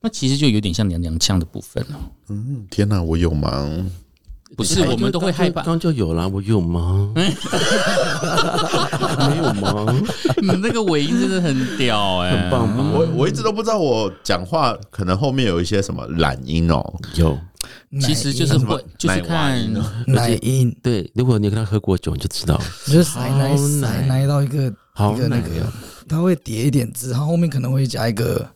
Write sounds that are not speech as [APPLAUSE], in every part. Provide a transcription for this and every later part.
那其實就有點像娘娘腔的部分哦。嗯，天哪、啊，我有嗎？不是，剛剛我們都會害怕剛剛。剛就有啦，我有嗎？沒有嗎？你那個尾音真的很屌哎、欸！很棒，嗯。我我一直都不知道我講，我講話可能後面有一些什麼懶音哦。有，其實就是會，就是看奶音。對，如果你跟他喝過酒，你就知道了。就是好奶奶到一個好一個那個，他會疊一點字，然後後面可能會加一個。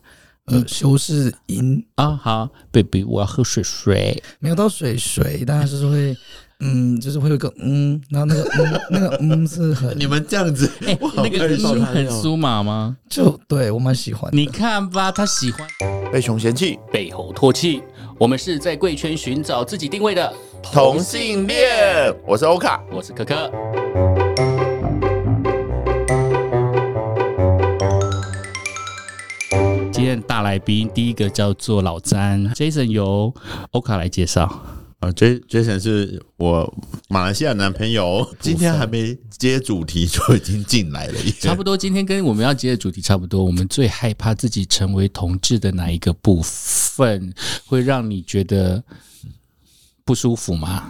呃、嗯，修飾音啊，好、uh -huh，baby，我要喝水水，沒有到水水，但就是會，嗯，就是會有一個嗯，然後那個、嗯、 [LAUGHS] 那個嗯，那個嗯是很，你們這樣子，那個 [LAUGHS] 是很酥麻嗎？ [LAUGHS] 就對我蠻喜歡，你看吧，他喜歡被熊嫌棄，被猴唾棄，我們是在貴圈尋找自己定位的同性戀，我是歐卡，我是克克。今天大來賓第一個叫做老詹，Jason 由歐卡來介紹。啊，J Jason 是我馬來西亞男朋友。今天還沒接主題就已經進來了一，差不多。今天跟我們要接的主題差不多。我們最害怕自己成為同志的哪一個部分，會讓你覺得不舒服嗎？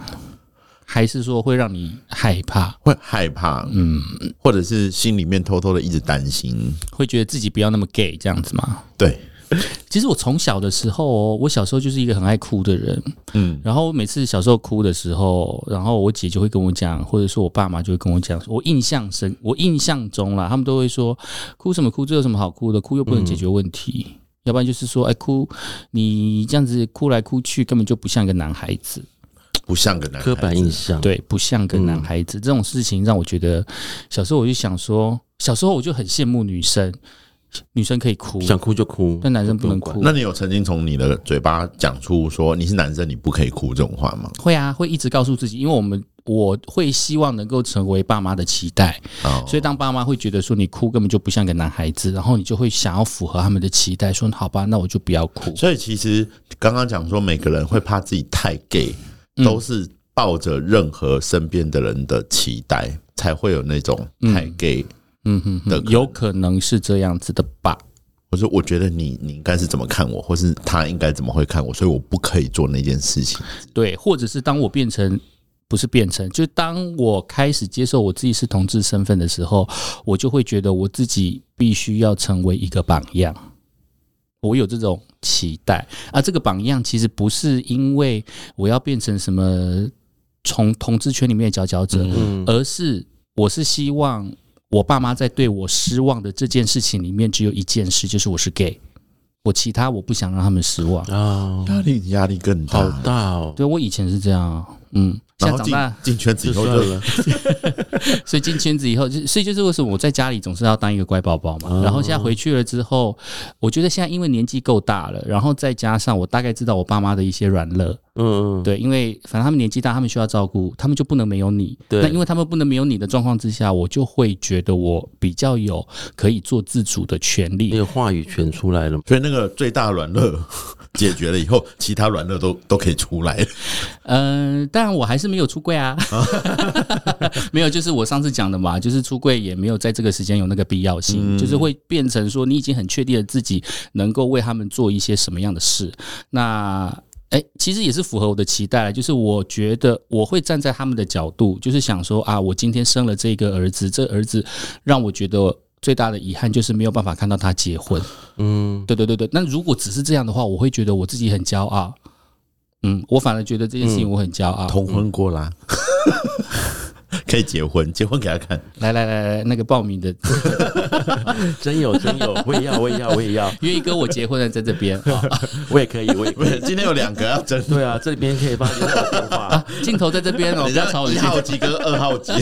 還是說會讓你害怕？會害怕，嗯，或者是心裡面偷偷的一直擔心，會覺得自己不要那麼 gay 這樣子嗎？對，其實我從小的時候、哦，我小時候就是一個很愛哭的人，嗯，然後我每次小時候哭的時候，然後我姐就會跟我講，或者說我爸媽就會跟我講，我印象深，我印象中啦，他們都會說，哭什麼哭，這有什麼好哭的？哭又不能解決問題，嗯、要不然就是說，哎，哭，你這樣子哭來哭去，根本就不像一個男孩子。不像個男孩子，刻板印象，對，不像個男孩子。嗯，這種事情讓我覺得，小時候我就想說，小時候我就很羨慕女生，女生可以哭，想哭就哭，但男生不能哭。管那你有曾經從你的嘴巴講出說你是男生，你不可以哭這種話嗎？會啊，會一直告訴自己，因為我們，我會希望能夠成為爸媽的期待，哦，所以當爸媽會覺得說你哭根本就不像個男孩子，然後你就會想要符合他們的期待，說好吧，那我就不要哭。所以其實剛剛講說每個人會怕自己太 gay。嗯、都是抱着任何身邊的人的期待，才會有那種太 gay，嗯，嗯哼的，有可能是這樣子的吧？我說，我覺得你，你應該是怎麼看我，或是他應該怎麼會看我，所以我不可以做那件事情。對，或者是當我變成不是變成，就當我開始接受我自己是同志身份的時候，我就會覺得我自己必須要成為一個榜樣。我有這種期待而、啊、這個榜樣其實不是因為我要變成什麼從同志圈裡面的佼佼者，而是我是希望我爸媽在對我失望的這件事情裡面只有一件事，就是我是 gay，我其他我不想讓他們失望啊、哦，壓力壓力更大，好大哦，對，對我以前是這樣。嗯，現在長大進圈子以後就了， [LAUGHS] 所以進圈子以後，所以就是為什麼我在家裡總是要當一個乖寶寶嘛、哦。然後現在回去了之後，我覺得現在因為年紀夠大了，然後再加上我大概知道我爸媽的一些軟肋。嗯嗯，對，因為反正他們年紀大，他們需要照顧，他們就不能沒有你。那因為他們不能沒有你的狀況之下，我就會覺得我比較有可以做自主的權利，那個話語權出來了。所以那個最大的軟肋解決了以後，其他軟肋都都可以出來。嗯、呃，但。但我還是沒有出櫃啊、哦， [LAUGHS] 沒有，就是我上次講的嘛，就是出櫃也沒有在這個時間有那個必要性，嗯嗯，就是會變成說你已經很確定了自己能夠為他們做一些什麼樣的事。那誒、欸，其實也是符合我的期待，就是我覺得我會站在他們的角度，就是想說啊，我今天生了這個兒子，這個、兒子讓我覺得最大的遺憾就是沒有辦法看到他結婚。嗯，對對對對。那如果只是這樣的話，我會覺得我自己很驕傲。嗯，我反而覺得這件事情我很驕傲，嗯。同婚過啦，嗯、 [LAUGHS] 可以結婚，結婚給他看。來來來來，那個報名的，真 [LAUGHS] 有真有，我也要我也要我也要，願意跟我結婚的在這邊， [LAUGHS] 我也可以我也可以。今天有兩個，真對啊，這邊可以幫你打電話、 [LAUGHS] 啊，鏡頭在這邊哦。 [LAUGHS] 你家一號機跟二號機，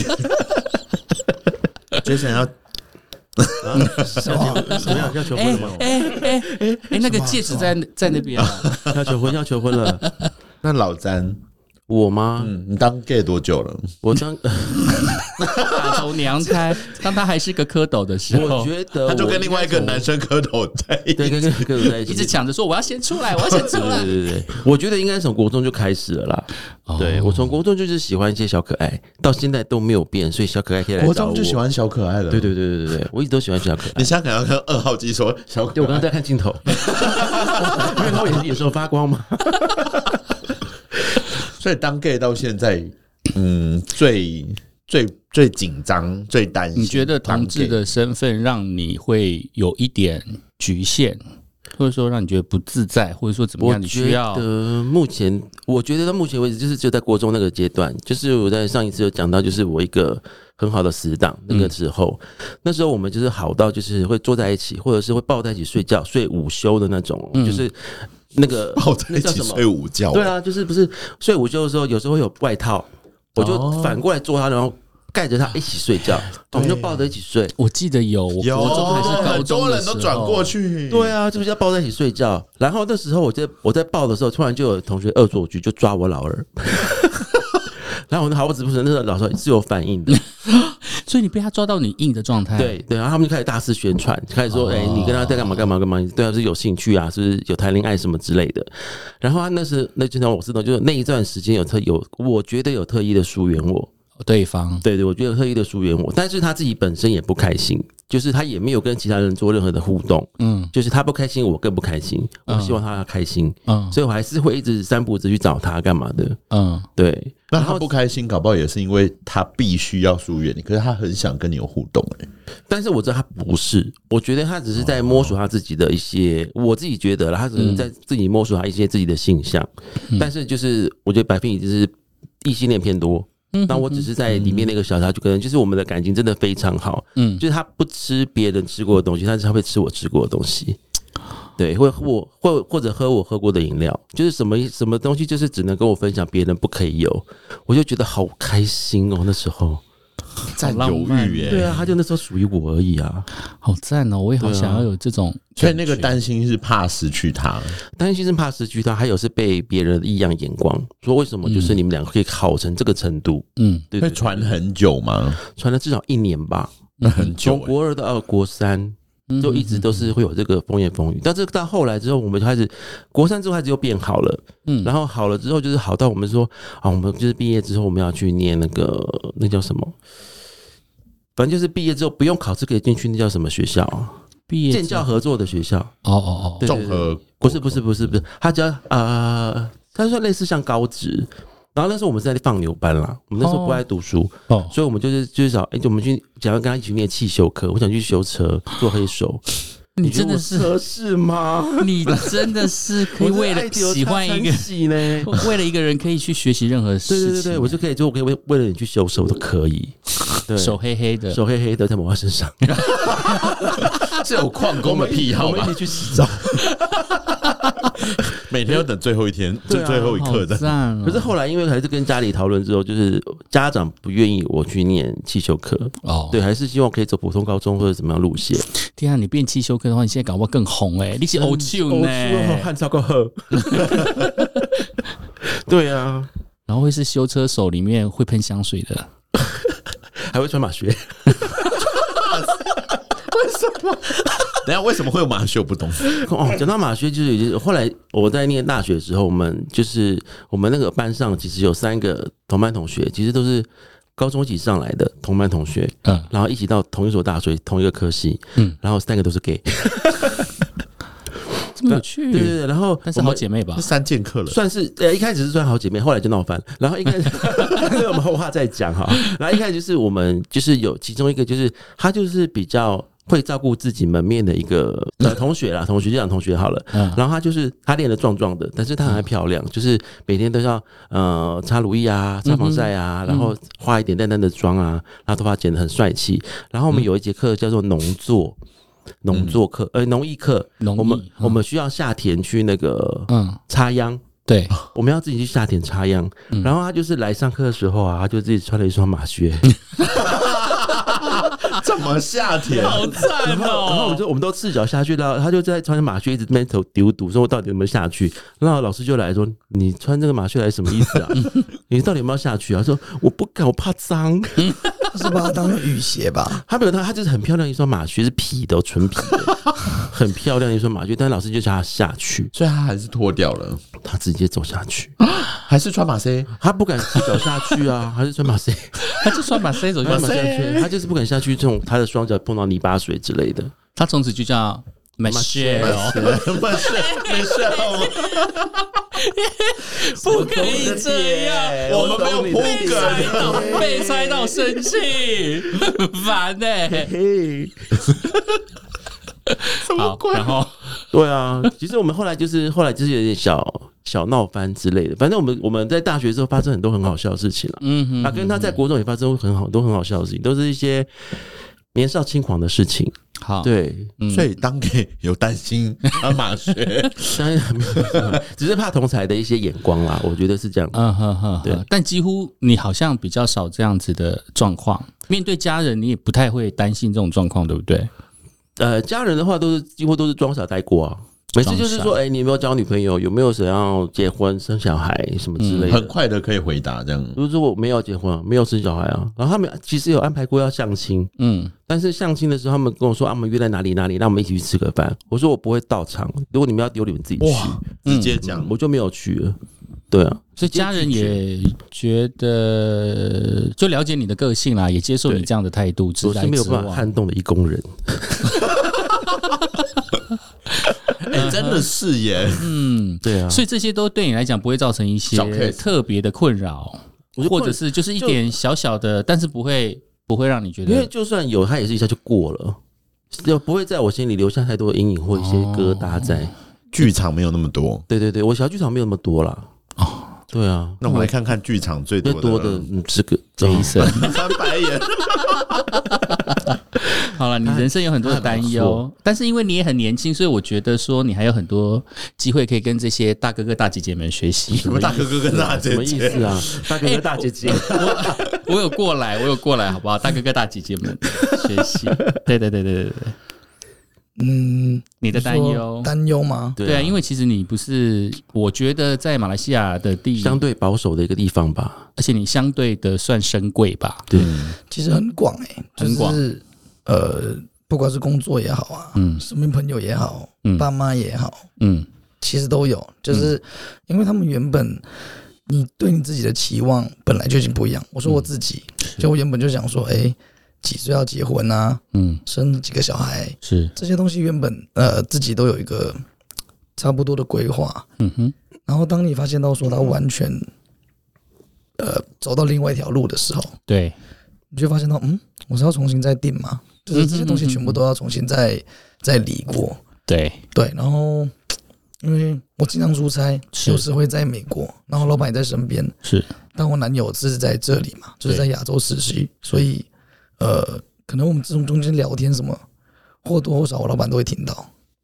決 [LAUGHS] 定 Jason 要什麼？什、 [LAUGHS] 啊要，要，欸、要求婚了嗎？哎哎哎哎，那個戒指在在那邊、啊啊，要求婚要求婚了。那老詹，我嗎？嗯，你當 gay 多久了？我當 [LAUGHS] 打頭娘胎，當他還是個蝌蚪的時候，我覺得我他就跟另外一個男生蝌蚪在一起，對，跟跟蝌蚪在一起，一直搶着說我要先出來，我要先出來。對對對，我覺得應該從國中就開始了啦。Oh. 對我從國中就是喜歡一些小可愛，到現在都沒有變，所以小可愛可以來找我。來國中就喜歡小可愛的，對對對對對，我一直都喜歡小可愛。你現在可能要跟二號機說小可愛，對我剛剛在看鏡頭， [LAUGHS] [LAUGHS] 因為他眼睛有時候發光嘛。所以當 gay 到現在，嗯，最最最緊張、最擔心。你覺得同志的身份讓你會有一點局限，或者說讓你覺得不自在，或者說怎麼樣？我覺得目前，我覺得到目前為止，就是就在國中那個階段，就是我在上一次有講到，就是我一個很好的死黨，那個時候、嗯，那時候我們就是好到就是會坐在一起，或者是會抱在一起睡覺、睡午休的那種，就是。那個抱在一起睡午覺，那叫什麼？對啊，就是不是睡午覺的時候，有時候會有外套，oh. 我就反過來坐他，然後蓋着他一起睡覺，oh. 我們就抱着一起睡。我記得有，有，還是高中很多人都轉過去。對啊，就是要抱在一起睡覺。然後那時候我在我在抱的時候，突然就有同學惡作劇，就抓我老二。 [LAUGHS] [LAUGHS] 然後我說：“好，我止不是那時候老說，是有反應的。 [LAUGHS] ”所以你被他抓到你硬的狀態，對對，然後他們就開始大肆宣傳，開始說：“哎、哦欸，你跟他在幹嘛幹嘛幹嘛，對他是有興趣啊，是不是有談戀愛什麼之類的。”然後啊，那是那就像我是說，就是那一段時間有特有，我覺得有特意的疏遠我。對方對對，我覺得特意的疏遠我，但是他自己本身也不開心，就是他也沒有跟其他人做任何的互動，嗯，就是他不開心，我更不開心，嗯、我希望他開心，嗯，所以我還是會一直三步子去找他幹嘛的，嗯，對。那他不開心，搞不好也是因為他必須要疏遠你，可是他很想跟你有互動，欸、但是我知道他不是，我覺得他只是在摸索他自己的一些，哦哦哦我自己覺得啦，他只是在自己摸索他一些自己的性向。嗯、但是就是我覺得本身已經是異性戀偏多。那我只是在裡面那個小插曲，就可能就是我們的感情真的非常好。嗯，就是他不吃別人吃過的東西，但是他會吃我吃過的東西，對，或我或或者喝我喝過的飲料，就是什麼什麼東西，就是只能跟我分享，別人不可以有。我就覺得好開心哦、喔，那時候。佔有欲耶、欸欸，對啊，他就那時候屬於我而已啊，好讚哦、喔！我也好想要有這種。所以、啊、那個擔心是怕失去他，擔心是怕失去他，還有是被別人異樣眼光。說為什麼就是你們兩個可以好成這個程度？嗯，對、對、對。會傳很久嗎？傳了至少一年吧，那很久、欸。從國二到二國三。就一直都是會有這個風言風語，但是到後來之後，我們就開始國三之後開始又變好了，嗯，然後好了之後就是好到我們說，啊，我們就是畢業之後我們要去念那個那叫什麼，反正就是畢業之後不用考試可以進去那叫什麼學校，畢業、建教合作的學校，哦哦哦，對不是不是不是不是，他叫啊、呃，他說類似像高職。然後那時候我們是在放牛班啦。我們那時候不愛讀書，哦、oh. oh.，所以我們就是、欸、就是找哎，我們去想要跟他一起念汽修課，我想去修車做黑手。你真的是合適嗎？你真的是可以為了喜歡一個， [LAUGHS] 呢 [LAUGHS] 為了一個人可以去學習任何事情、啊。對，對對對，我就可以，就我可以為為了你去修手都可以對，手黑黑的，手黑黑的在我媽身上。 [LAUGHS] 這有礦工的癖好嗎？一起去洗澡，每天要等最後一天，等最後一刻的可是後來因為還是跟家裡討論之後，就是家長不願意我去念汽修科哦，對，還是希望可以走普通高中或者怎麼樣路線。天啊，你變汽修科的話，你現在搞不好更紅哎，你是偶像呢。漢草哥呵，對啊，然後會是修車手裡面會噴香水的，還會穿馬靴。 [LAUGHS] 等下，為什麼會有馬靴不懂？哦，講到馬靴，就是後來我在念大學的時候，我們就是我們那個班上其實有三個同班同學，其實都是高中一起上來的同班同學，嗯，然後一起到同一所大學同一個科系，嗯，然後三個都是 gay，這、嗯、麼有趣。對對對，然後是好姐妹吧？三劍客了，算是呃，一開始是算好姐妹，後來就鬧翻。然後一開始 [LAUGHS] 跟我們後話再講哈。然後一開始就是我們就是有其中一個就是他就是比較。會照顧自己門面的一個、呃、同學啦，同學就講同學好了、嗯。然後他就是他練得壯壯的，但是他很愛漂亮、嗯，就是每天都要呃擦乳液啊、擦防曬啊，嗯嗯、然後化一點淡淡的妝啊，然後頭髮剪得很帥氣。然後我們有一節課叫做農作，農作課，嗯、呃，農藝課，藝我們我們需要下田去那個嗯，插秧。對，我們要自己去下田插秧，嗯，然後他就是來上課的時候啊，他就自己穿了一雙馬靴，怎 [LAUGHS] 麼下田？然哦，好哦，然後我們就我們都赤腳下去了，然後他就在穿着馬靴，一直悶頭丟毒，說我到底有沒有下去？然後老師就來說：“你穿這個馬靴來什麼意思啊？你到底有沒有下去啊？” [LAUGHS] 他說：“我不敢，我怕髒， [LAUGHS] 他是把它當雨鞋吧？”他沒有他他就是很漂亮一雙馬靴，是皮的、哦、的，純皮的，很漂亮一雙馬靴。但老師就叫他下去，所以他還是脫掉了，他自己。直接走下去，還是穿馬靴？啊？他不敢赤腳下去啊！還是穿馬靴？還 [LAUGHS] 是穿馬靴走下去，馬馬下去？他就是不敢下去，這種他的雙腳碰到泥巴水之類的。他從此就叫 Michelle，Michelle，Michelle 不可以這樣！我，你我們沒有被猜到，被猜到生氣，煩 [LAUGHS] 呢煩、欸。 [LAUGHS] 好，然後對啊，其實，我們後來就是後來就是有點小小鬧翻之類的。反正我們我們在大學時候發生很多很好笑的事情了，嗯啊，跟他在國中也發生很多很好都很好笑的事情，都是一些年少輕狂的事情。好，對，所以當給有擔心啊，馬學，只是怕同儕的一些眼光啦，我覺得是這樣嗯。嗯嗯嗯，對。但幾乎你好像比較少這樣子的狀況，面對家人你也不太會擔心這種狀況，對不對？呃，家人的話都是幾乎都是裝傻待過啊。每次就是說，哎、欸，你有沒有交女朋友？有沒有想要結婚、生小孩什麼之類的、嗯？很快的可以回答這樣。如、就、果、是、說我沒有結婚、啊，沒有生小孩啊，然後他們其實有安排過要相親。嗯，但是相親的時候，他們跟我說，啊，我們約在哪裡哪裡，讓我們一起去吃個飯。我說我不會到場，如果你們要丟，你們自己去。哇，直接講、嗯，我就沒有去了。對啊，所以家人也覺得就了解你的個性啦，也接受你這樣的態度，我是沒有辦法撼動的一宮人。 [LAUGHS] [LAUGHS] [LAUGHS] 欸 uh, 真的是耶，嗯，對啊，所以這些都對你來講不會造成一些特別的困擾，或者是就是一點小小的，但是不會不會讓你覺得，因為就算有，他也是一下就過了，又不會在我心裡留下太多陰影或一些疙瘩在。哦，劇場沒有那麼多，對對對，我小劇場沒有那麼多啦。對啊，那我們來看看劇場最多的這個周醫生翻白眼 [LAUGHS] 。 [LAUGHS] 好了，你人生有很多的擔憂、喔，但是因為你也很年輕，所以我覺得說你還有很多機會可以跟這些大哥哥大姐姐們學習。什麼大哥哥大姐姐啊？大哥哥大姐姐、啊啊欸，我我,我有過來，我有過來，好不好？大哥哥大姐姐們學習。 [LAUGHS] 對對對對對對,對。嗯，你的擔憂擔憂嗎？對啊，因為其實你不是，我覺得在馬來西亞的地相對保守的一個地方吧，而且你相對的算深櫃吧。對，嗯、其實很廣誒、欸。就是呃，不管是工作也好啊，嗯，身邊朋友也好，嗯、爸媽也好，嗯，其實都有，就是因為他們原本你對你自己的期望本來就已經不一樣。我說我自己，嗯、就我原本就想說，哎、欸。幾歲要結婚啊？嗯，生幾個小孩？是這些東西原本呃自己都有一個差不多的規劃。嗯哼，然後當你發現到說他完全呃走到另外一條路的時候，對，你就發現到嗯，我是要重新再定嗎？嗯哼、嗯哼、嗯哼。就是這些東西全部都要重新再再理過。對對，然後因為我經常出差，有時、就是、會在美國，然後老板也在身邊。是，但我男友是在這裡嘛，就是在亞洲時區，所以。呃，可能我們這種中間聊天什麼，或多或少我老闆都會聽到，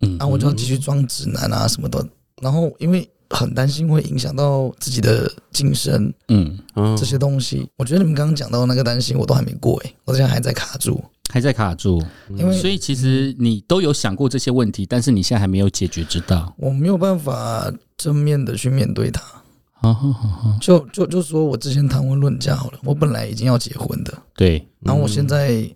嗯，然、啊、後我就要繼續裝直男啊什麼的、嗯，然後因為很擔心會影響到自己的晉升，嗯、哦，這些東西，我覺得你們剛剛講到那個擔心我都還沒過誒，我現在還在卡住，還在卡住，因為所以其實你都有想過這些問題，但是你現在還沒有解決之道、嗯，我沒有辦法正面的去面對它。好好好好，就就就說，我之前談婚論嫁好了，我本來已經要結婚的。對，嗯、然後我現在，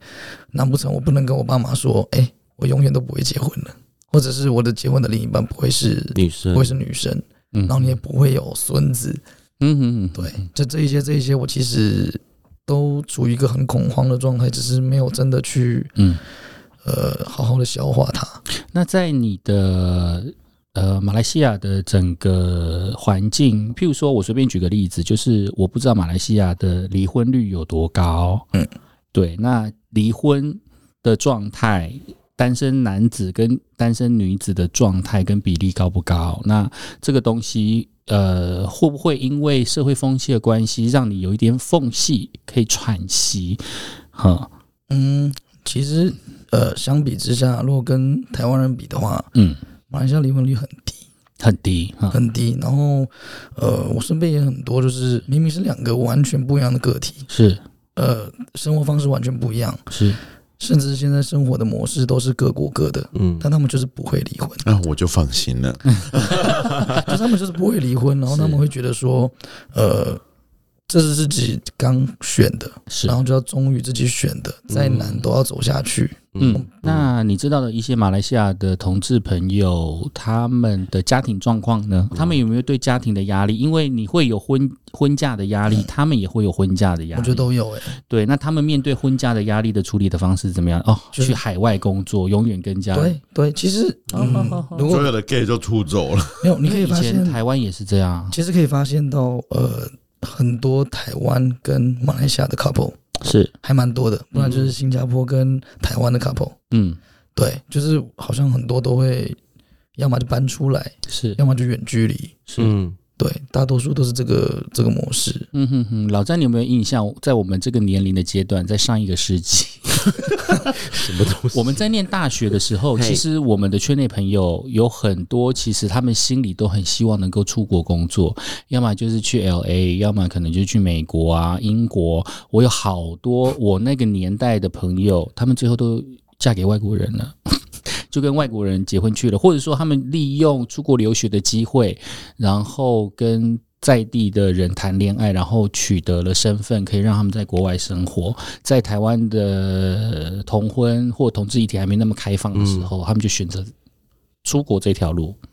難不成我不能跟我爸媽說，哎、欸，我永遠都不會結婚了，或者是我的結婚的另一半不會是女生，不會是女生，嗯、然後你也不會有孫子。嗯嗯，對，這這一些這一些，我其實都處於一個很恐慌的狀態，只是沒有真的去，嗯，呃，好好的消化它。那在你的。呃，馬來西亞的整個環境，譬如說，我隨便舉個例子，就是我不知道馬來西亞的離婚率有多高，嗯，對，那離婚的狀態，單身男子跟單身女子的狀態跟比例高不高？那這個東西，呃，會不會因為社會風氣的關係，讓你有一點縫隙可以喘息？哈，嗯，其實，呃，相比之下，如果跟台灣人比的話，嗯。馬來西亞離婚率很低，很低，很低。然後，呃，我身邊也很多，就是明明是兩個完全不一樣的個體，是，呃，生活方式完全不一樣，是，甚至現在生活的模式都是各過各的，嗯。但他們就是不會離婚，那、啊、我就放心了。 [LAUGHS] [LAUGHS] 就他們就是不會離婚，然後他們會覺得說，呃。這是自己剛選的，是，然後就要忠於自己選的，再、嗯、難都要走下去，嗯。嗯，那你知道的一些馬來西亞的同志朋友，他們的家庭狀況呢？嗯、他們有沒有對家庭的壓力？嗯、因為你會有婚婚嫁的壓力，嗯他的壓力嗯，他們也會有婚嫁的壓力，我覺得都有、欸。哎，對，那他們面對婚嫁的壓力的處理的方式怎麼樣？哦，就是、去海外工作，永遠跟家對對。其實，所、嗯、有的 gay 就出走了，沒有。你可以發現以台灣也是這樣，其實可以發現到，呃。很多台灣跟馬來西亞的 couple 是還蠻多的，不然就是新加坡跟台灣的 couple。嗯，對，就是好像很多都會，要麼就搬出來，是，要麼就遠距離，是。是嗯。對，大多數都是這個這個模式。嗯哼哼，老詹，你有沒有印象，在我們這個年齡的階段，在上一個世紀， [LAUGHS] [LAUGHS] 什麼東西？我們在念大學的時候，其實我們的圈內朋友有很多，其實他們心裡都很希望能夠出國工作，要麼就是去 LA，要麼可能就去美國啊、英國。我有好多我那個年代的朋友， [LAUGHS] 他們最後都嫁給外國人了。就跟外國人結婚去了，或者說他們利用出國留學的機會，然後跟在地的人談戀愛，然後取得了身份，可以讓他們在國外生活。在台灣的同婚或同志議題還沒那麼開放的時候，他們就選擇出國這條路。嗯。嗯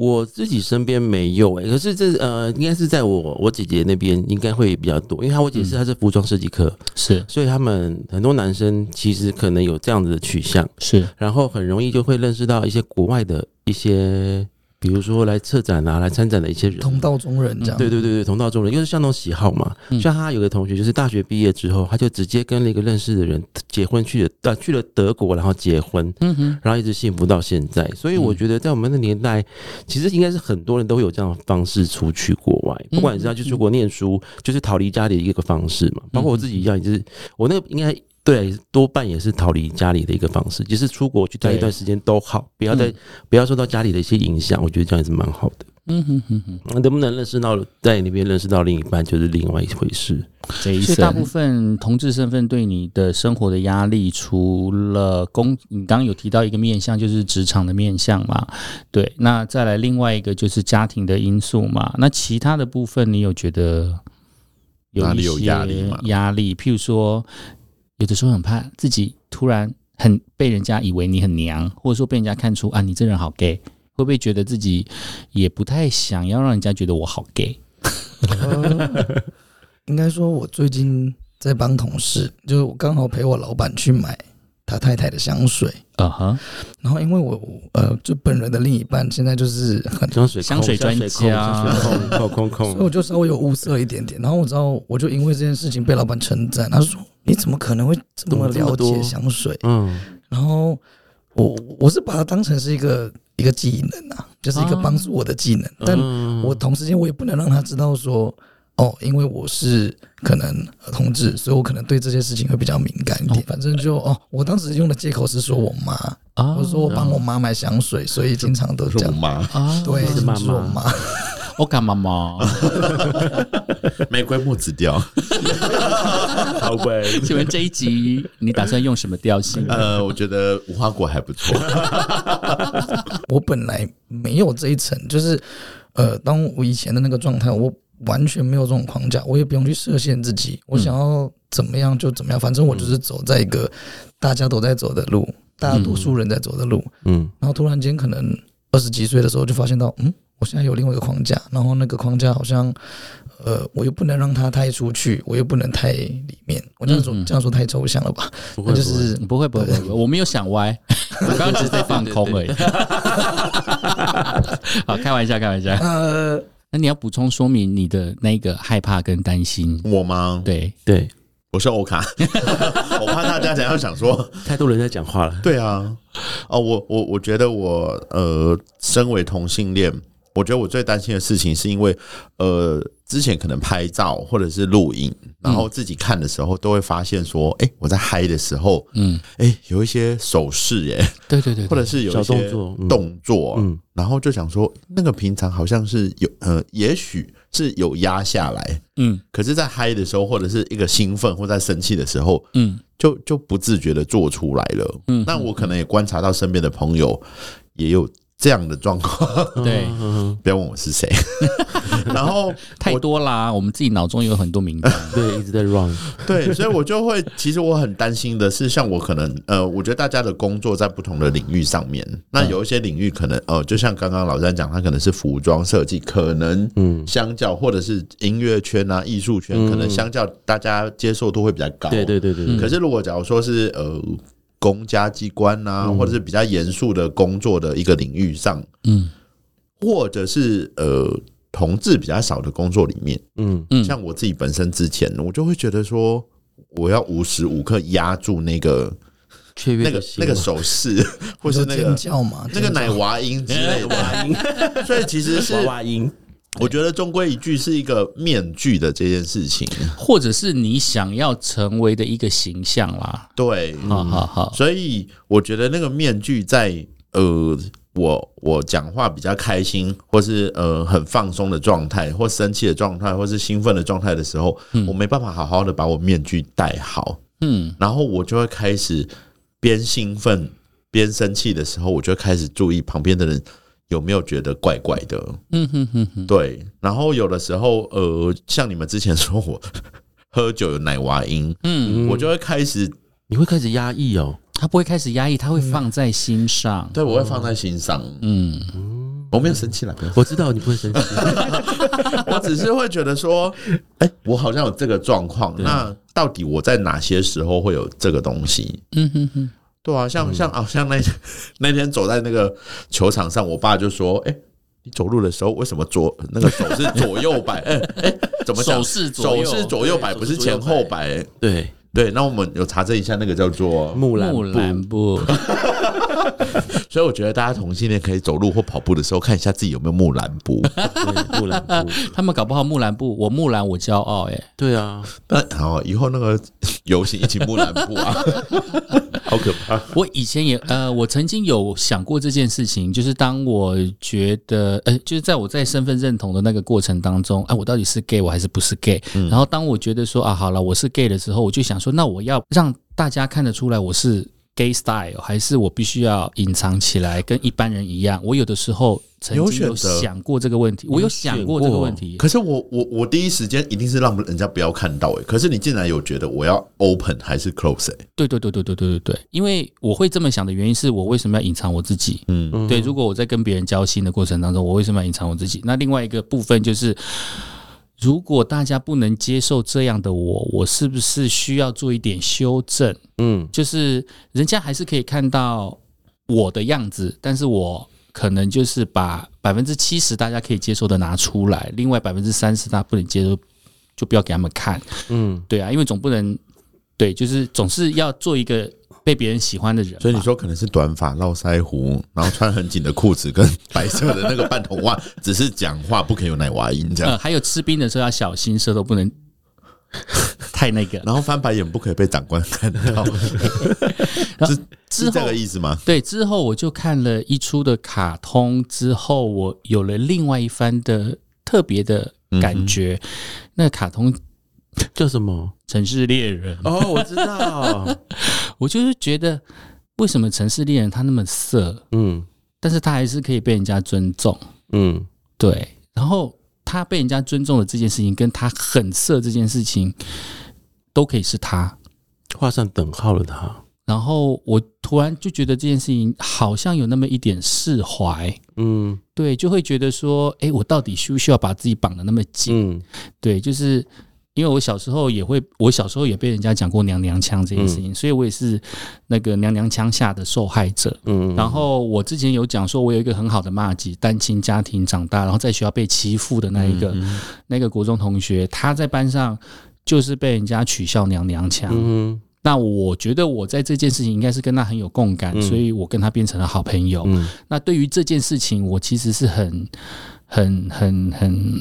我自己身邊沒有誒、欸，可是這，呃，應該是在我我姐姐那邊應該會比較多，因為她我姐姐是她、嗯、是服裝設計科，是，所以他們很多男生其實可能有這樣子的取向，是，然後很容易就會認識到一些國外的一些。比如說來策展啊，來參展的一些人，同道中人這樣。對對對對，同道中人，因為是相同喜好嘛。像他有個同學，就是大學畢業之後，他就直接跟那個認識的人結婚去了，去了德國，然後結婚，嗯哼，然後一直幸福到現在。所以我覺得，在我們那年代，其實應該是很多人都會有這樣的方式出去國外，不管你是他去出國唸書，就是逃離家裡的一個方式嘛。包括我自己一樣，就是我那個應該。對，多半也是逃離家裡的一個方式，就是出國去待一段時間都好，不要再，嗯、不要受到家裡的一些影響，我覺得這樣也是蠻好的。嗯哼，哼，哼，那能不能認識到在那邊認識到另一半，就是另外一回事。Jason, 所以大部分同志身份對你的生活的壓力，除了工，你剛剛有提到一個面向，就是職場的面向嘛？對，那再來另外一個就是家庭的因素嘛？那其他的部分，你有覺得有壓力嗎？壓力，譬如說。有的時候很怕自己突然很被人家以為你很娘，或者說被人家看出啊，你這人好 gay，會不會覺得自己也不太想要讓人家覺得我好 gay？呃，應該說，我最近在幫同事，就是我剛好陪我老板去買他太太的香水啊哈。Uh -huh. 然後因為我呃，就本人的另一半現在就是很香水香水專家， [LAUGHS] 所以我就稍微有物色一點點。然後我知道，我就因為這件事情被老板稱讚，他說。你怎麼可能會這麼了解香水？嗯，然後我我是把它當成是一個一個技能啊，就是一個幫助我的技能。啊嗯、但我同時間我也不能讓他知道說哦，因為我是可能同志，所以我可能對這些事情會比較敏感一點。哦、反正就哦，我當時用的借口是說我媽、啊，我說我幫我媽買香水，所以經常都講媽，對，啊、就是我媽。 [LAUGHS] 歐卡媽媽，玫瑰木子調， [LAUGHS] 好貴。請問這一集你打算用什麼調性？呃，我覺得無花果還不錯。 [LAUGHS] 我本來沒有這一層，就是呃，當我以前的那個狀態，我完全沒有這種框架，我也不用去設限自己，我想要怎麼樣就怎麼樣，反正我就是走在一個大家都在走的路，大多數人在走的路，嗯，然後突然間可能。二十幾歲的時候就發現到，嗯，我現在有另外一個框架，然後那個框架好像，呃，我又不能讓它太出去，我又不能太裡面，我這樣說、嗯、這樣說太抽象了吧？不會，就是不會，就是、不會，不，不會，我沒有想歪， [LAUGHS] 我剛剛只是在放空而已。對對對對。 [LAUGHS] 好，開玩笑，開玩笑。呃，那你要補充說明你的那個害怕跟擔心？我嗎？對，對。我是歐卡，我怕大家等下想說太多人在講話了。 [LAUGHS] 對啊，哦，我我我覺得我呃，身為同性戀，我覺得我最擔心的事情是因為呃，之前可能拍照或者是錄影，然後自己看的時候都會發現說，哎、欸，我在嗨的時候，嗯，哎，有一些手勢耶、欸，嗯欸勢欸、對，對對對，或者是有一些動作，動作嗯，嗯，然後就想說，那個平常好像是有，嗯、呃，也許。是有壓下來，嗯，可是，在嗨的時候或者是一個興奮或者在生氣的時候，嗯，就就不自覺的做出來了，嗯。那我可能也觀察到身邊的朋友也有。這樣的狀況，對、 [LAUGHS] 嗯嗯嗯，不要問我是誰。 [LAUGHS] [LAUGHS] 然後太多啦，我們自己腦中有很多名單， [LAUGHS] 對，一直在 run，對，所以我就會，其實我很擔心的是，像我可能，呃，我覺得大家的工作在不同的領域上面，那有一些領域可能，呃，就像剛剛老詹講，他可能是服裝設計，可能嗯，相較或者是音樂圈啊、藝術圈，可能相較大家接受度會比較高，對對對對。可是如果假如說是呃。公家機關吶、啊，或者是比較嚴肅的工作的一個領域上，嗯，或者是呃同志比較少的工作裡面，嗯嗯，像我自己本身之前，我就會覺得說，我要無時無刻壓住那個那個那個手勢，或是那個那個奶娃音之類的娃 [LAUGHS] 瓦音， [LAUGHS] 所以其實是娃，娃音。我覺得終歸一句是一個面具的這件事情，或者是你想要成為的一個形象啦。對，好好好。嗯，所以我覺得那個面具在呃，我我講話比較開心，或是呃很放鬆的狀態，或生氣的狀態，或是興奮的狀態的時候，我沒辦法好好的把我面具戴好。嗯，然後我就會開始邊興奮邊生氣的時候，我就會開始注意旁邊的人。有沒有覺得怪怪的？嗯哼哼哼，對。然後有的時候，呃，像你們之前說我呵呵喝酒有奶娃音，嗯，嗯，我就會開始，你會開始壓抑哦。他不會開始壓抑，他會放在心上。嗯。對，我會放在心上。嗯，嗯我沒有生氣了。嗯，我知道你不會生氣， [LAUGHS] [LAUGHS] 我只是會覺得說，哎，欸，我好像有這個狀況。那到底我在哪些時候會有這個東西？嗯哼哼。對啊，像像好像那天那天走在那個球場上，我爸就說：“哎、欸，你走路的時候為什麼左那個手是左右擺？哎、 [LAUGHS] 欸，怎麼手是？手是左右擺，不是前後擺？對對，對，對，那我們有查證一下，那個叫做木蘭布。木蘭布” [LAUGHS] 所以我覺得大家同性戀可以走路或跑步的時候看一下自己有沒有木蘭布， [LAUGHS] 布，木蘭布，他們搞不好木蘭布，我木蘭，我驕傲耶、欸。對啊，那好、哦，以後那個遊戲一起木蘭布啊， [LAUGHS] 好可怕。我以前也呃，我曾經有想過這件事情，就是當我覺得呃，就是在我在身份認同的那個過程當中，哎、呃，我到底是 gay 我還是不是 gay？嗯、然後當我覺得說啊，好了，我是 gay 的時候，我就想說，那我要讓大家看得出來我是。Gay style 還是我必須要隱藏起來，跟一般人一樣？我有的時候曾經有想過這個問題，有我有想過這個問題。可是我我我第一時間一定是讓人家不要看到哎、欸。可是你竟然有覺得我要 open 還是 close？對、欸、對對對對對對對，因為我會這麼想的原因是我為什麼要隱藏我自己？嗯，對。如果我在跟別人交心的過程當中，我為什麼要隱藏我自己？那另外一個部分就是。如果大家不能接受這樣的我，我是不是需要做一點修正？嗯，就是人家還是可以看到我的樣子，但是我可能就是把百分之七十大家可以接受的拿出來，另外百分之三十大家不能接受，就不要給他們看。嗯，對啊，因為總不能對，就是總是要做一個。被別人喜歡的人，所以你說可能是短髮、絡腮鬍，然後穿很緊的褲子跟白色的那個半筒襪，只是講話不可以有奶娃音這樣、呃。還有吃冰的時候要小心色，舌頭不能太那個。 [LAUGHS] 然後翻白眼不可以被長官看到。 [LAUGHS] [LAUGHS] [LAUGHS] 是然後之後是這個意思嗎？對，之後我就看了一出的卡通，之後我有了另外一番的特別的感覺。嗯、那卡通。叫什麼？城市獵人哦，我知道。 [LAUGHS] 我就是覺得，為什麼城市獵人他那麼色？嗯，但是他還是可以被人家尊重。嗯，對。然後他被人家尊重的這件事情，跟他很色這件事情，都可以是他畫上等號了。他。然後我突然就覺得這件事情好像有那麼一點釋懷。嗯，對，就會覺得說，哎、欸，我到底需不需要把自己綁得那麼緊、嗯？對，就是。因為我小時候也會，我小時候也被人家講過娘娘腔這件事情，嗯、所以我也是那個娘娘腔下的受害者。嗯，嗯，然後我之前有講說，我有一個很好的麻吉，單親家庭長大，然後在學校被欺負的那一個，嗯嗯，那個國中同學，他在班上就是被人家取笑娘娘腔。嗯嗯，那我覺得我在這件事情應該是跟他很有共感，所以我跟他變成了好朋友。嗯嗯，那對於這件事情，我其實是很。很很很，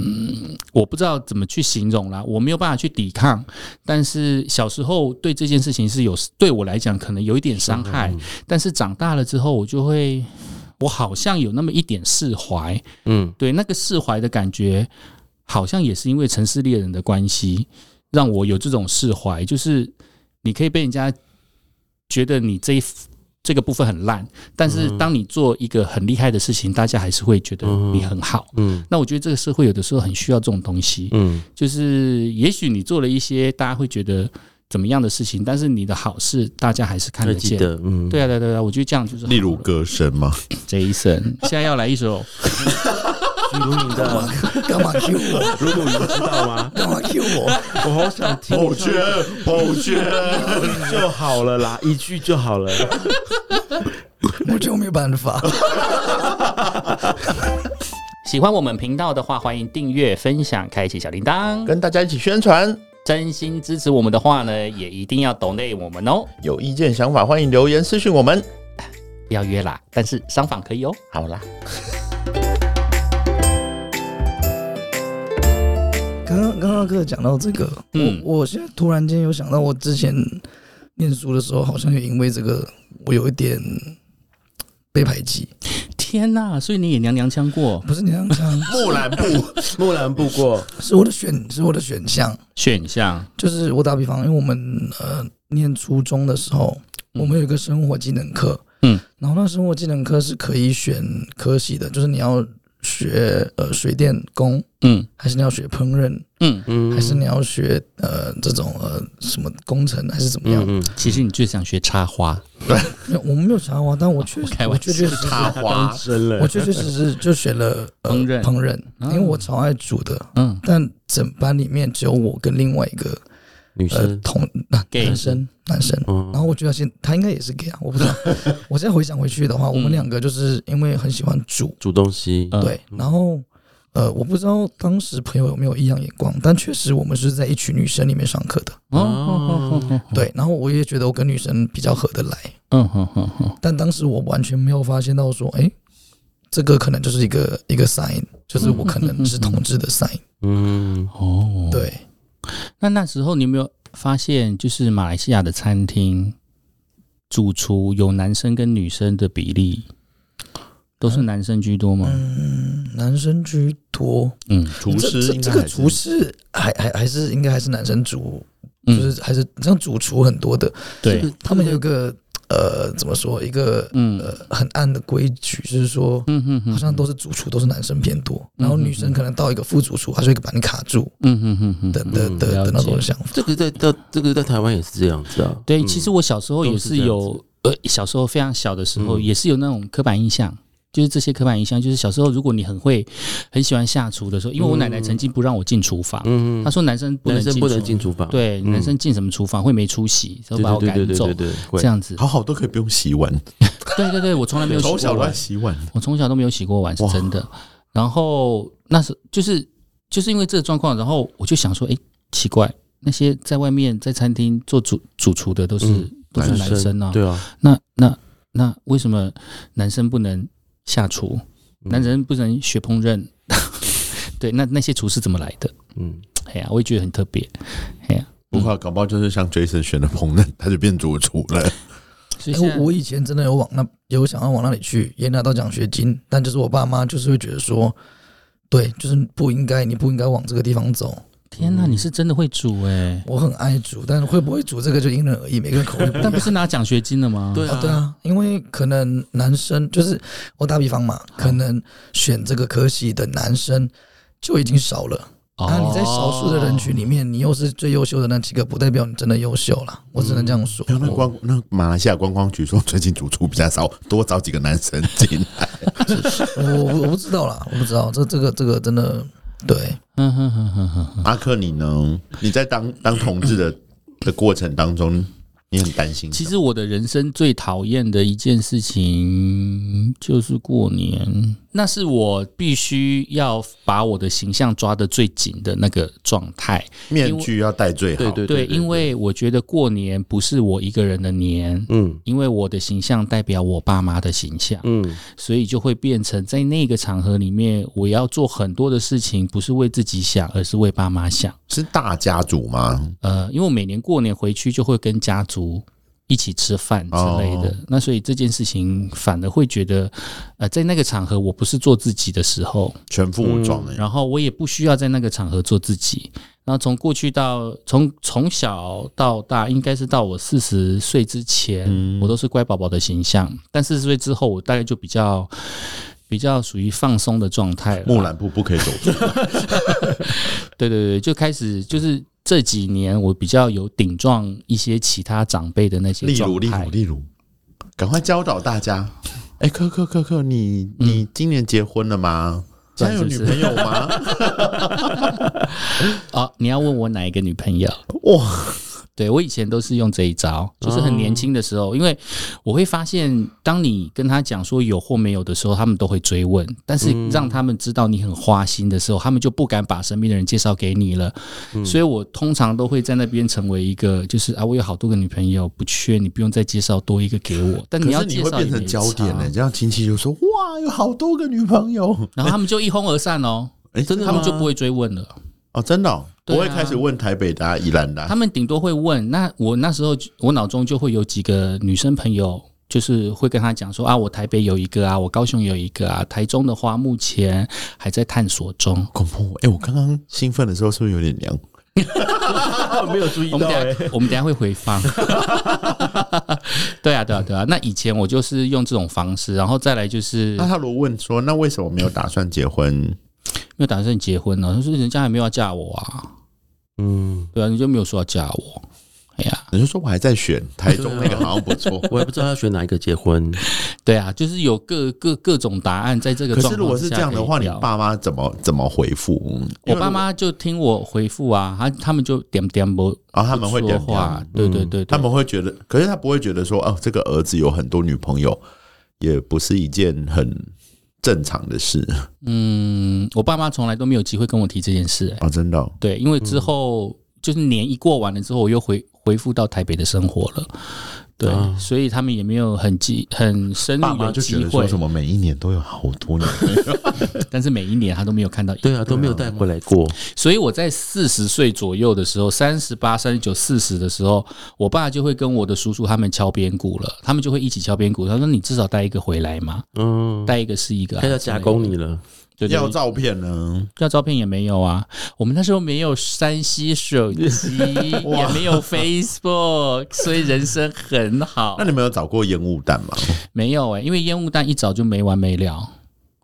我不知道怎麼去形容啦，我沒有辦法去抵抗。但是小時候對這件事情是有，對我來講可能有一點傷害。但是長大了之後，我就會，我好像有那麼一點釋懷。嗯，對，那個釋懷的感覺，好像也是因為《城市獵人》的關係，讓我有這種釋懷。就是你可以被人家覺得你這一。這個部分很爛，但是當你做一個很厲害的事情，嗯，大家還是會覺得你很好。嗯，嗯，那我覺得這個社會有的時候很需要這種東西。嗯，就是也許你做了一些，大家會覺得。怎麼樣的事情？但是你的好事，大家還是看得見的，嗯。對啊，對啊，對啊！我就這樣就是好好。例如歌神嘛，Jason 現在要來一首。 [LAUGHS] 如果你的幹嘛，幹嘛 Q 我？如果你知道嗎？幹嘛 Q 我？我好想聽。跑娟跑娟就好了啦，一句就好了。 [LAUGHS] 我就沒有辦法。 [LAUGHS] 喜歡我們頻道的話，歡迎訂閱、分享、開啟小鈴鐺，跟大家一起宣傳。真心支持我們的話呢，也一定要抖內我們哦。有意見想法，歡迎留言私訊我們、呃。不要約啦，但是商訪可以哦。好啦， [LAUGHS] 剛剛剛剛哥講到這個，嗯我，我現在突然間有想到，我之前念書的時候，好像也因為這個，我有一點被排擠。天吶！所以你也娘娘腔過？不是娘娘腔， [LAUGHS] 木蘭布， [LAUGHS] 木蘭布過，是我的選，是我的選項，選項就是我打比方，因為我們呃念初中的時候，我們有一個生活技能課，嗯，然後那個生活技能課是可以選科系的，就是你要。學呃水電工，嗯，還是你要學烹飪，嗯嗯，還是你要學呃這種呃什麼工程還是怎麼樣？嗯，嗯，其實你最想學插花，對，啊，我沒有插花，但我確實我確確實插花，我確確實實就學了烹飪烹飪，因為我超愛煮的，嗯，但整班裡面只有我跟另外一個。女生、呃、同男生，gay? 男生。然後我覺得，現，他應該也是 gay 啊，我不知道。 [LAUGHS] 我現在回想回去的話，嗯、我們兩個就是因為很喜歡煮煮東西，對。嗯、然後，呃，我不知道當時朋友有沒有異樣眼光，但確實我們是在一群女生裡面上課的。哦、oh, okay.，對。然後我也覺得我跟女生比較合得來。嗯嗯嗯嗯。但當時我完全沒有發現到說，哎，這個可能就是一個一個 sign，就是我可能是同志的 sign。嗯，哦，對。那那時候你有沒有發現，就是馬來西亞的餐廳主廚有男生跟女生的比例，都是男生居多嗎？嗯。嗯，男生居多。嗯，廚師應該還是這，這，這個廚師還還還是應該還是男生主，就是還是像主廚很多的。對，他們有個。呃，怎麼說一個嗯、呃，很暗的規矩，就是說，嗯嗯，好像都是主廚都是男生偏多，嗯哼哼，然後女生可能到一個副主廚，還是一個把你卡住，嗯嗯嗯嗯，等等等的那種想法。這個在在這個在台灣也是這樣子。啊，知、嗯、啊。對，其實我小時候也是有，呃，小時候非常小的時候、嗯、也是有那種刻板印象。就是這些刻板印象。就是小時候，如果你很會、很喜歡下廚的時候，因為我奶奶曾經不讓我進廚房，她、嗯、說男生不能進廚房，房，對，嗯、男生進什麼廚房會沒出息，然後把我趕走，對對對對對，這樣子，好好都可以不用洗碗。 [LAUGHS] 對對對，我從來沒有洗過碗，從洗碗我從小都沒有洗過碗，是真的。然後那時就是就是因為這個狀況，然後我就想說，哎、欸，奇怪，那些在外面在餐廳做主主廚的都是、嗯、都是男生啊，男生對啊，那那那為什麼男生不能？下廚，男人不能學烹飪，嗯、 [LAUGHS] 對，那那些廚師怎麼來的？嗯，哎呀，我也覺得很特別，哎、yeah, 呀，不怕搞不好就是像 Jason 選的烹飪，他就變主廚了、嗯欸。所以我，我以前真的有往那有想要往那裡去，也拿到獎學金，但就是我爸媽就是會覺得說，對，就是不應該，你不應該往這個地方走。天哪，你是真的會煮哎、欸嗯！我很愛煮，但是會不會煮這個就因人而異，每個人口味不一樣。 [LAUGHS] 但不是拿獎學金的嗎、啊？對啊，對啊，因為可能男生就是我打比方嘛，可能選這個科系的男生就已經少了。那、嗯啊、你在少數的人群裡面，哦、你又是最優秀的那幾個，不代表你真的優秀啦。我只能這樣說。嗯、說那光那馬來西亞觀光局說，最近主廚比較少，多找幾個男生進來。 [LAUGHS] 就是、我我不知道啦，我不知道這這個這個真的。對、啊呵呵呵呵，阿克，你呢？你在當當同志的 [LAUGHS] 的過程當中，你很擔心？其實，我的人生最討厭的一件事情就是過年。那是我必須要把我的形象抓得最緊的那個狀態，面具要戴最好。對對對，對對對，因為我覺得過年不是我一個人的年，嗯，因為我的形象代表我爸媽的形象，嗯，所以就會變成在那個場合裡面，我要做很多的事情，不是為自己想，而是為爸媽想。是大家族嗎？呃，因為我每年過年回去就會跟家族。一起吃飯之類的，oh. 那所以這件事情反而會覺得，呃，在那個場合我不是做自己的時候，全副武裝的、嗯，然後我也不需要在那個場合做自己。然後從過去到從從小到大，應該是到我四十歲之前、嗯，我都是乖寶寶的形象。但四十歲之後，我大概就比較比較屬於放鬆的狀態。木蘭布不可以走， [LAUGHS] [LAUGHS] 對對對，就開始就是。嗯這幾年我比較有頂撞一些其他長輩的那些，例如，例如，例如，趕快教導大家。哎、欸，克克克克，你你今年結婚了嗎？嗯，現在有女朋友嗎？啊 [LAUGHS] [LAUGHS] 哦，你要問我哪一個女朋友？哇！對，我以前都是用這一招，就是很年輕的時候、嗯，因為我會發現，當你跟他講說有或沒有的時候，他們都會追問；但是讓他們知道你很花心的時候，他們就不敢把身邊的人介紹給你了。嗯、所以，我通常都會在那邊成為一個，就是啊，我有好多個女朋友，不缺，你不用再介紹多一個給我。但你要介紹變成焦點呢、欸，這樣親戚就說哇，有好多個女朋友，然後他們就一哄而散哦、喔欸。真的他們就不會追問了。哦，真的、哦。啊、我會開始問台北的，啊、宜蘭的，啊，他們頂多會問。那我那時候，我腦中就會有幾個女生朋友，就是會跟他講說啊，我台北有一個啊，我高雄有一個啊，台中的話目前還在探索中。哦，恐怖！欸，我剛剛興奮的時候是不是有點娘？ [LAUGHS] [LAUGHS] 我沒有注意到，欸，我們等，一下，我們等一下會回放 [LAUGHS] 對，啊。對啊，對啊，對啊。那以前我就是用這種方式，然後再來就是。那，啊、他如果問說，那為什麼沒有打算結婚？ [LAUGHS] 沒有打算結婚了，他說人家還沒有要嫁我啊。嗯，對啊，你就沒有說要嫁我，哎呀，你就說我還在選，台中、啊、那個好像不錯，我也不知道要選哪一個結婚 [LAUGHS] 。對啊，就是有各各各種答案在這個狀況。可是如果是這樣的話，你爸媽怎麼怎麼回復我？我爸媽就聽我回復啊，他他們就點點不，啊他們會點，點不話，嗯、對對對，對，他們會覺得，可是他不會覺得說，哦，這個兒子有很多女朋友，也不是一件很。正常的事。嗯，我爸媽從來都沒有機會跟我提這件事欸。哦，真的哦？對，因為之後就是年一過完了之後，我又回回復到台北的生活了。對，所以他們也沒有很機、很深爸媽就會，說什麼每一年都有好多年，但是每一年他都沒有看到。對啊，都沒有帶回來過。所以我在四十歲左右的時候，三十八、三十九、四十的時候，我爸就會跟我的叔叔他們敲邊鼓了，他們就會一起敲邊鼓。他說：“你至少帶一個回來嘛，嗯，帶一個是一個、啊，他始加工你了。”要照片呢？要照片也沒有啊。我們那時候沒有 3C 手機， [LAUGHS] 也沒有 Facebook， [LAUGHS] 所以人生很好。 [LAUGHS] 那你們有找過煙霧彈嗎？沒有哎、欸，因為煙霧彈一找就沒完沒了。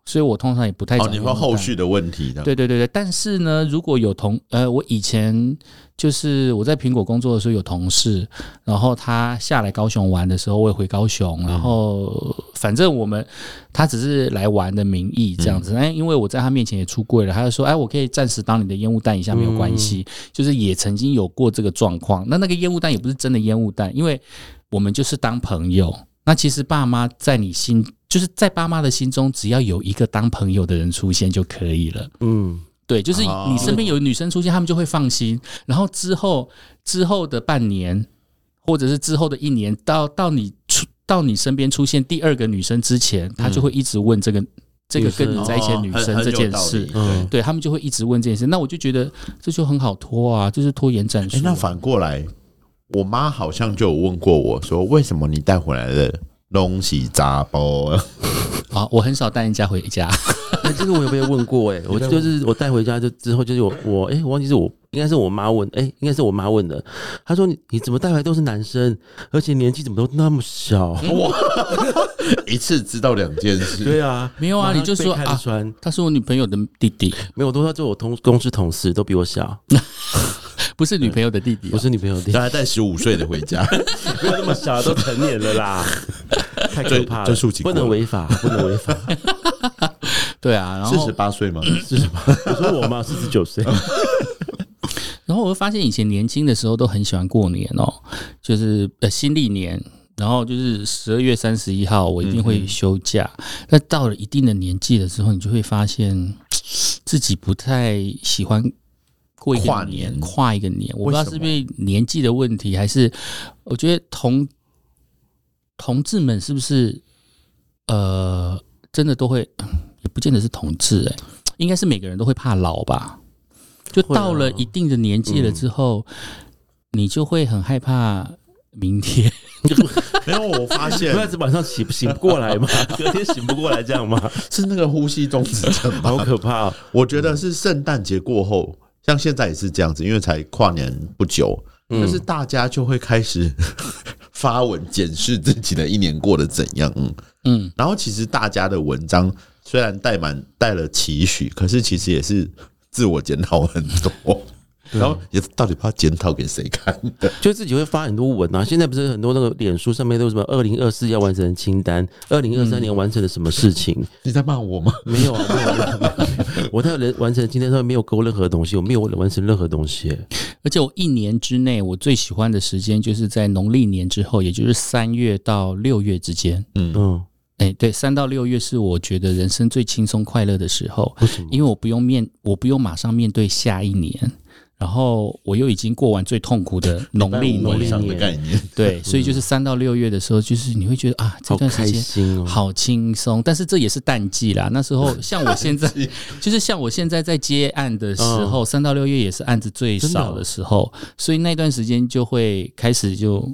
所以我通常也不太講你會後續的問題的。對對對對，但是呢，如果有同呃，我以前就是我在蘋果工作的時候有同事，然後他下來高雄玩的時候，我也回高雄，然後反正我們他只是來玩的名義這樣子。哎，因為我在他面前也出櫃了，他就說：“哎，我可以暫時當你的煙霧彈一下，沒有關係。”就是也曾經有過這個狀況。那那個煙霧彈也不是真的煙霧彈，因為我們就是當朋友。那其實爸媽在你心。就是在爸媽的心中，只要有一個當朋友的人出現就可以了。嗯，對，就是你身邊有女生出現，他們就會放心。然後之後之後的半年，或者是之後的一年，到到你出到你身邊出現第二個女生之前，他就會一直問這個這個跟你在一起的女生這件事。嗯，對他們就會一直問這件事。那我就覺得這就很好拖啊，就是拖延戰術，欸。那反過來，我媽好像就有問過我說，為什麼你帶回來的？東西打包啊、哦！我很少帶人家回家 [LAUGHS] 、欸，這個我有沒有問過、欸？哎，我就是我帶回家就之後就是我我哎、欸，我忘記是我應該是我媽問，哎、欸，應該是我媽問的。她說你你怎麼帶回來都是男生，而且年紀怎麼都那麼小？嗯、哇 [LAUGHS] 一次知道兩件事，對啊，沒有啊，你就說啊，他是、啊、是我女朋友的弟弟，沒有多，他就我同公司同事都比我小。 [LAUGHS] 不是女朋友的弟弟、啊嗯，不是女朋友的弟、弟。還帶十五歲的回家 [LAUGHS] ，那麼小都成年了啦， [LAUGHS] 太可怕了，不能違法、啊，不能違法、啊， [LAUGHS] 對啊，然後，四十八歲嘛，四十八，我說我媽四十九歲。歲 [LAUGHS] 然後我會發現，以前年輕的時候都很喜歡過年哦、喔，就是呃新曆年，然後就是十二月三十一號，我一定會休假、嗯。那、嗯、到了一定的年紀的時候，你就會發現自己不太喜歡。過一個年，年，跨一個年，我不知道是因為年紀的問題，還是我覺得同同志們是不是呃，真的都會也不見得是同志哎、欸，應該是每個人都會怕老吧。就到了一定的年紀了之後、啊嗯，你就會很害怕明天、嗯。 [LAUGHS] [LAUGHS] 沒有我發現，不是晚上醒醒不過來嗎？隔天醒不過來這樣嗎？ [LAUGHS] 是那個呼吸中止症嗎？ [LAUGHS] 好可怕、啊。我覺得是聖誕節過後。嗯像現在也是這樣子，因為才跨年不久，但是大家就會開始 [LAUGHS] 發文檢視自己的一年過得怎樣。嗯嗯，然後其實大家的文章雖然帶滿帶了期許，可是其實也是自我檢討很多。 [LAUGHS] 然後也到底怕檢討給誰看？嗯、就自己會發很多文啊。現在不是很多那個臉書上面都是什麼二零二四要完成的清單，二零二三年完成了什麼事情、嗯？你在罵我嗎？沒有、啊，啊、 [LAUGHS] 我在完成清單上沒有勾任何東西，我沒有完成任何東西、欸。而且我一年之內，我最喜歡的時間就是在農曆年之後，也就是三月到六月之間。嗯嗯，哎，對，三到六月是我覺得人生最輕鬆快樂的時候，為什麼？因為我不用面，我不用馬上面對下一年。然後我又已經過完最痛苦的農曆年 [LAUGHS] 農曆的概念，對，所以就是三到六月的時候，就是你會覺得啊，這段時間好輕鬆，哦、但是這也是淡季啦。那時候像我現在，就是像我現在在接案的時候，三到六月也是案子最少的時候，所以那段時間就會開始就。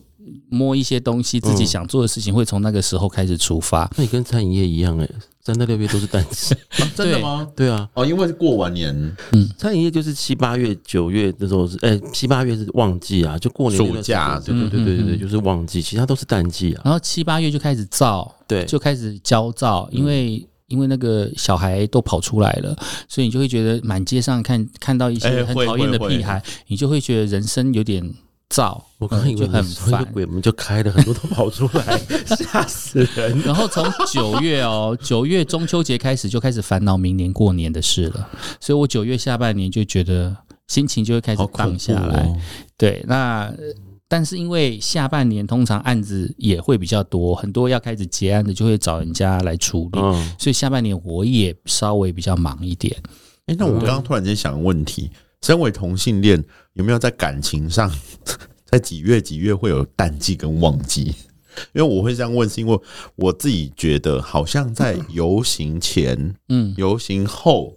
摸一些東西，自己想做的事情、嗯、會從那個時候開始出發。那你跟餐飲業一樣哎，三到六月都是淡季， [LAUGHS] 啊、真的嗎？對啊，哦，因為是過完年，嗯，餐飲業就是七八月、九月的時候是、欸，七八月是旺季啊，就過年暑假，對對對對對，就是旺季，其他都是淡季啊、嗯。然後七八月就開始燥，對，就開始焦躁，因為因為那個小孩都跑出來了，所以你就會覺得滿街上看看到一些很討厭的屁孩，你就會覺得人生有點。照我剛剛以為很煩，鬼門就開的很多都跑出來，嚇死人。 [LAUGHS] 然後從九月哦，九月中秋節開始就開始煩惱明年過年的事了，所以我九月下半年就覺得心情就會開始盪下來。哦、對，那但是因為下半年通常案子也會比較多，很多要開始結案的就會找人家來處理，所以下半年我也稍微比較忙一點。哎，那我剛剛突然間想個問題。身為同性戀，有沒有在感情上，在幾月幾月會有淡季跟旺季？因為我會這樣問，是因為我自己覺得好像在遊行前，嗯，遊行後，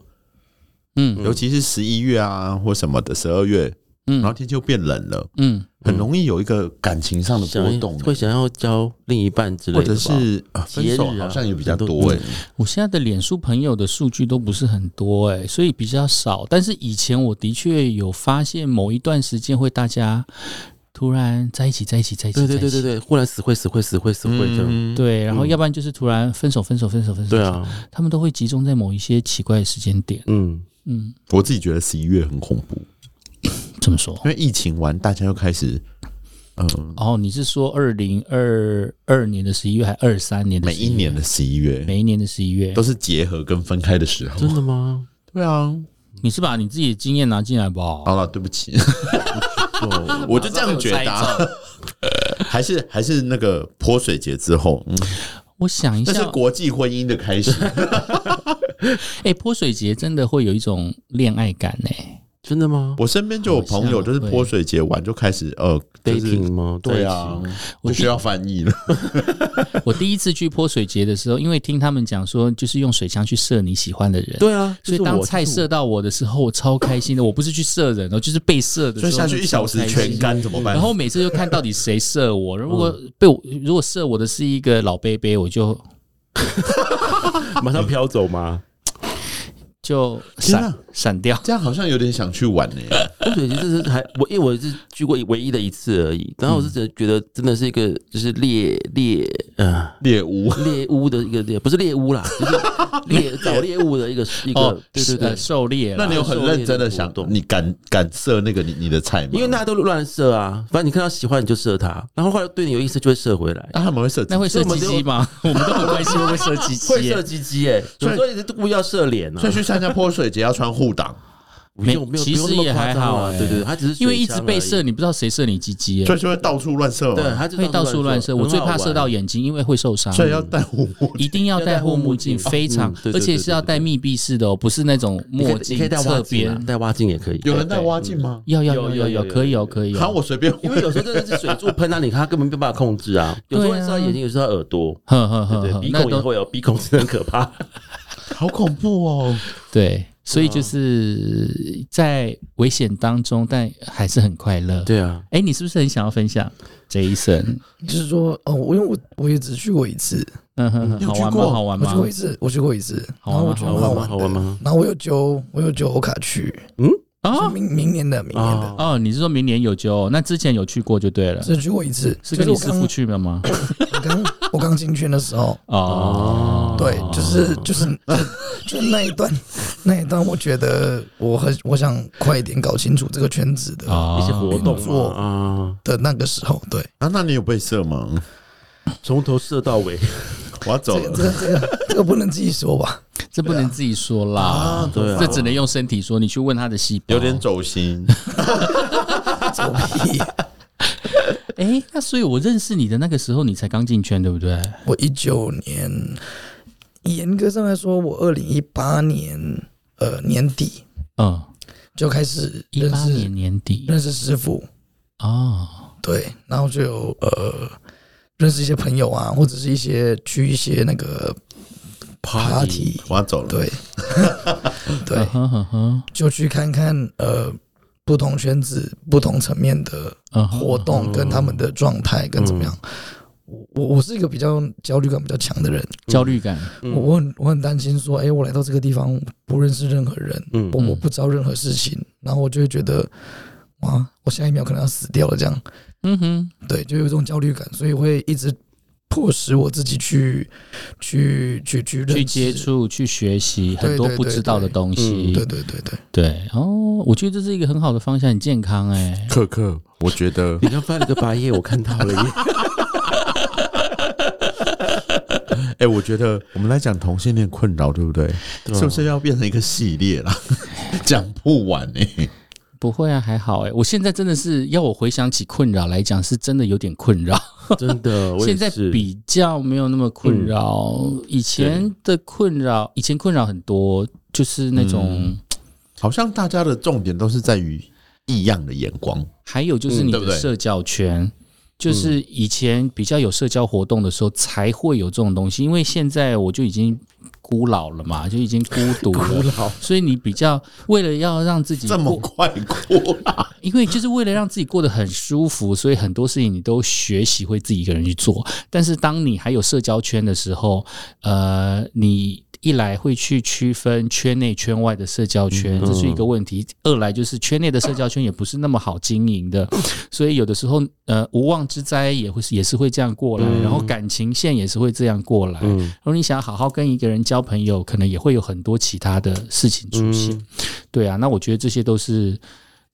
嗯，尤其是十一月啊，或什麼的，十二月。然後天就變冷了，嗯，很容易有一個感情上的波動，會想要交另一半之類，或者是分手好像也比較多，欸。我現在的臉書朋友的數據都不是很多，哎，所以比較少。但是以前我的確有發現，某一段時間會大家突然在一起，在一起，在一起，對對對對，對，對，對忽然死會死會死會死會這樣，嗯，對。然後要不然就是突然分手，分手，分手，分手。對啊，他們都會集中在某一些奇怪的時間點。嗯嗯，我自己覺得十一月很恐怖。這麼說，因為疫情完，大家又開始嗯，哦，你是說二零二二年的十一月，還二三年的十一月？每一年的十一月，每一年的十一月都是結合跟分開的時候，真的嗎？對啊，你是把你自己的經驗拿進來吧？好了，對不起， [LAUGHS] [LAUGHS] 我就這樣覺得、啊， [LAUGHS] 還是還是那個潑水節之後、嗯，我想一下，這是國際婚姻的開始。哎、 [LAUGHS] 欸，潑水節真的會有一種戀愛感哎、欸。真的嗎？我身邊就有朋友，就是潑水節完就開始呃 dating 嗎？對啊，我需要翻譯了。我第一次去潑水節的時候，因為聽他們講說，就是用水槍去射你喜歡的人。對啊，所以當菜射到我的時候，我超開心的。我不是去射人哦，就是被射的。所以下去一小時全乾怎麼辦？然後每次就看到底誰射我。如果被我，如果射我的是一個老杯杯，我就 [LAUGHS] 馬上飄走嗎？就閃閃、啊、掉，這樣好像有點想去玩哎，我感覺這是還我，因為我是去過一唯一的一次而已，然後我是覺得，覺得真的是一個就是獵獵，呃獵物獵物的一個，不是獵物啦，就是獵找獵物的一個一個、哦、對對對狩獵。那你有很認真的想懂？你敢敢射那個你你的菜嗎？因為大家都亂射啊，反正你看到喜歡你就射他，然後後來對你有意思就會射回來，那、啊、他們會射，那會射雞雞嗎？我們都很關心會射雞雞，會射雞雞誒，所以都不要射臉啊。所以去參加潑水節要穿護擋。 [LAUGHS] 沒，其實也還好，啊。對對，他只是因為一直被射，你不知道誰射你雞雞，所以就會到處亂射。對，他就會到處亂射，我最怕射到眼睛，因為會受傷，totally. 所以要戴護目鏡，一定要戴護目鏡，非常，而且是要戴密閉式的哦、oh, mm,，不是那種墨鏡。可以戴蛙鏡，戴蛙鏡也可以。dataset değ graướng anyway, 有人戴蛙鏡嗎？要要有有，可以哦，可以。好，我隨便，因為有時候真的是水柱噴到你看根本沒辦法控制啊。有時候會眼睛，有時候耳朵，呵呵呵，鼻孔也會有，鼻孔真的很可怕，好恐怖哦。對。所以就是在危險當中，但還是很快樂。對啊，哎、欸，你是不是很想要分享這一生？Jason? 就是說，哦，我因為我我也只去過一次，嗯哼，好玩嗎？好玩嗎？我去過一次，我去過一次，然後我好玩，好，玩好玩嗎？好玩嗎？然後我有揪，我有揪，歐卡去，嗯啊，明明年的，明年的，哦，哦你是說明年有揪？那之前有去過就對了，只、就是、去過一次，是跟你師傅去了嗎？你剛剛。 [LAUGHS] 剛進圈的時候，哦，對，就是就是就是，那一段，那一段，我覺得我很我想快一點搞清楚這個圈子的一些活動，做、哦、的那個時候，對啊，那你有被射嗎？從頭射到尾，我走了，了、這個這個，這個不能自己說吧？這不能自己說啦，對、啊啊對啊，這只能用身體說。你去問他的細胞，有點走心， [LAUGHS] 走屁。哎，那所以我認識你的那個時候，你才剛進圈，對不對？我一九年，嚴格上來說，我二零一八年呃年底，嗯，就開始一八年年底認識師傅哦，對，然後就呃認識一些朋友啊，或者是一些去一些那個 party，Party 我要走了，對， [LAUGHS] 對，Uh-huh-huh-huh。就去看看呃。不同圈子、不同層面的活動，跟他們的狀態跟怎麼樣我？我我我是一個比較焦慮感比較強的人，嗯，焦慮感我，我我很我很擔心說，哎、欸，我來到這個地方不認識任何人，我、嗯嗯、我不知道任何事情，然後我就會覺得，啊，我下一秒可能要死掉了這樣，嗯哼，對，就有這種焦慮感，所以會一直。迫使我自己去，去去去去接觸、去學習很多不知道的東西。對對對對對，對，對哦，我覺得這是一個很好的方向，很健康哎、欸。克克，我覺得你剛翻了個白眼， [LAUGHS] 我看到了耶。哎、 [LAUGHS] [LAUGHS] 欸，我覺得我們來講同性戀困擾，對不對，對？是不是要變成一個系列了？講 [LAUGHS] 不完哎、欸，不會啊，還好哎、欸。我現在真的是要我回想起困擾來講，是真的有點困擾。真的，我嗯、現在比較沒有那麼困擾。以前的困擾，以前困擾很多，就是那種，好像大家的重點都是在於異樣的眼光，還有就是你的社交圈。就是以前比較有社交活動的時候才會有這種東西，因為現在我就已經孤老了嘛，就已經孤獨了。所以你比較為了要讓自己這麼快過，因為就是為了讓自己過得很舒服，所以很多事情你都學習會自己一個人去做。但是當你還有社交圈的時候，呃，你。一來會去區分圈內圈外的社交圈，這是一個問題；二來就是圈內的社交圈也不是那麼好經營的，所以有的時候呃，無妄之災也會也是會這樣過來，然後感情線也是會這樣過來。然後你想好好跟一個人交朋友，可能也會有很多其他的事情出現。對啊，那我覺得這些都是，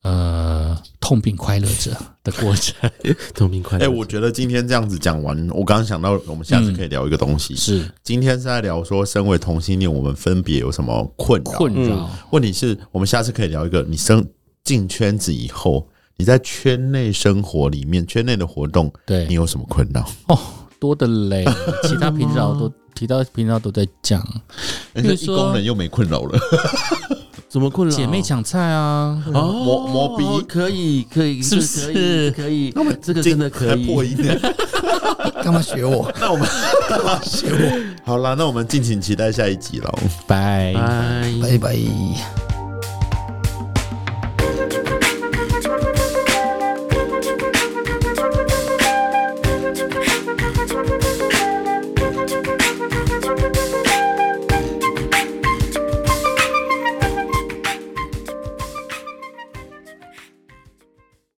呃，痛並快樂着的過程，痛並快樂。哎、欸，我覺得今天這樣子講完，我剛剛想到，我們下次可以聊一個東西。嗯、是，今天是在聊說，身為同性戀，我們分別有什麼困擾？困擾、嗯、問題是我們下次可以聊一個，你生進圈子以後，你在圈內生活裡面，圈內的活動，對你有什麼困擾？哦，多的嘞， [LAUGHS] 其他頻道都提到，頻道都在講，一宮人又沒困擾了。 [LAUGHS] 怎麼困了？姐妹搶菜啊！磨磨鼻可以，可以，是不是可以？可以。是是可以，那我們這個真的可以，還破音的，幹 [LAUGHS] [LAUGHS] 嘛學我？ [LAUGHS] 那我們幹嘛學我。 [LAUGHS] 好了，那我們敬請期待下一集嘍！拜拜，拜拜。